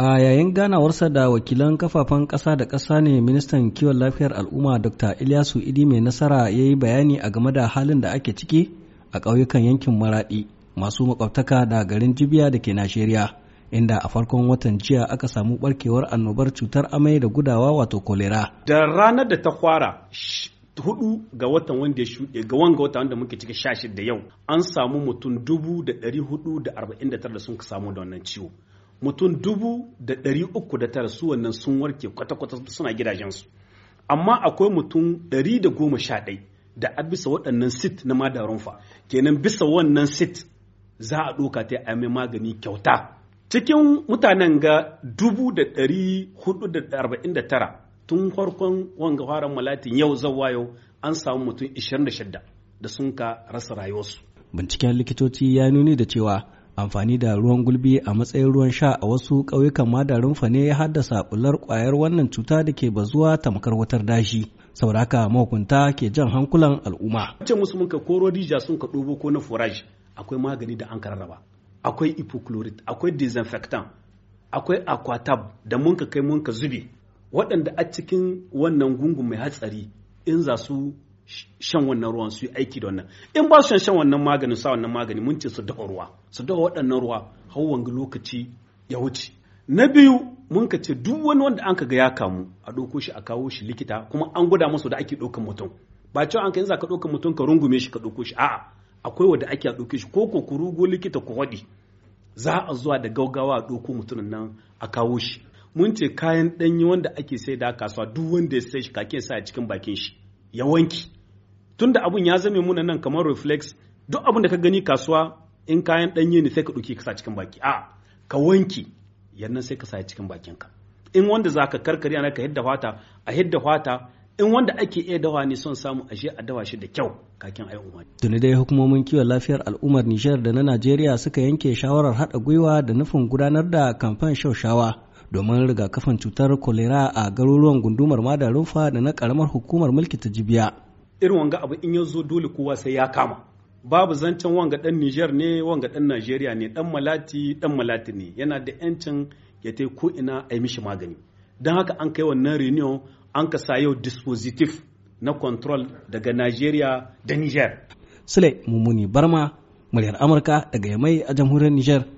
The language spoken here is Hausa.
A yayin ganawarsa da wakilan kafafen ƙasa da ƙasa ne ministan kiwon lafiyar al'umma Dr. Ilyasu Idi mai nasara ya yi bayani a game da halin da ake ciki a ƙauyukan yankin Maraɗi masu makwabtaka da garin Jibiya da ke Najeriya, inda a farkon watan jiya aka samu barkewar annobar cutar amai da gudawa wato kolera. Da ranar da ta kwara hudu ga watan wanda ga wanga wata wanda muke cike sha da yau an samu mutum dubu da ɗari hudu da arba'in da tara da sun samu da wannan ciwo mutum dubu da ɗari uku da tara su wannan sun warke kwata-kwata suna gidajensu amma akwai mutum ɗari da goma sha ɗai da a bisa waɗannan sit na madarun fa kenan bisa wannan sit za a ɗoka ta a mai magani kyauta cikin mutanen ga dubu da ɗari hudu da arba'in da tara tun farkon wanga faran malatin yau zawa yau an samu mutum 26 da sun ka rasa rayuwarsu binciken likitoci ya nuni da cewa amfani da ruwan gulbi a matsayin ruwan sha a wasu ƙauyukan madarin fane ya haddasa bular ƙwayar wannan cuta da ke bazuwa tamkar wutar dashi saboda haka mahukunta ke jan hankulan al'umma ce musu mun ka koro sun ka ɗobo ko na forage akwai magani da an akwai hypochlorite akwai disinfectant akwai aquatab da mun ka kai mun ka zube waɗanda a cikin wannan gungun mai hatsari in za su shan wannan ruwan su yi aiki da wannan in ba su shan wannan maganin sa wannan magani mun ce su dafa ruwa su dafa waɗannan ruwa har wanga lokaci ya wuce na biyu mun ka ce duk wani wanda an ga ya kamu a ɗauko shi a kawo shi likita kuma an gwada masa da ake ɗaukan mutum ba cewa an ka za ka ɗaukan mutum ka rungume shi ka ɗauko shi a'a akwai wanda ake a ɗauke shi ko ko ku rugo likita ku haɗi za a zuwa da gaugawa a ɗauko mutumin nan a kawo shi mun ce kayan ɗanyi wanda ake sai da kasuwa duk wanda ya sai shi kake sa a cikin bakin shi ya wanki tun da abun ya zame muna nan kamar reflex duk abun da ka gani kasuwa in kayan ɗanye ne sai ka ɗauki ka sa cikin baki a ka wanki yannan sai ka sa cikin bakinka in wanda za ka karkari ana ka hidda fata a hidda fata in wanda ake iya dawa ne son samu ashe a dawa shi da kyau kakin ayi umar. Tuni dai hukumomin kiwon lafiyar al'ummar Nijar da na Najeriya suka yanke shawarar hada gwiwa da nufin gudanar da kamfan shaushawa domin rigakafin cutar kolera a garuruwan gundumar Madarufa da na karamar hukumar mulki ta Jibiya. irin wanga abu in ya zo dole kowa sai ya kama babu zancen wanga dan Niger ne wanga dan Najeriya ne dan Malati dan Malati ne yana da yancin ya tai ko ina a yi mishi magani don haka an kai wannan reunion an ka sa yau dispositif na control daga Najeriya da Niger Sule Mumuni Barma muryar Amurka daga Yamai a jamhuriyar Niger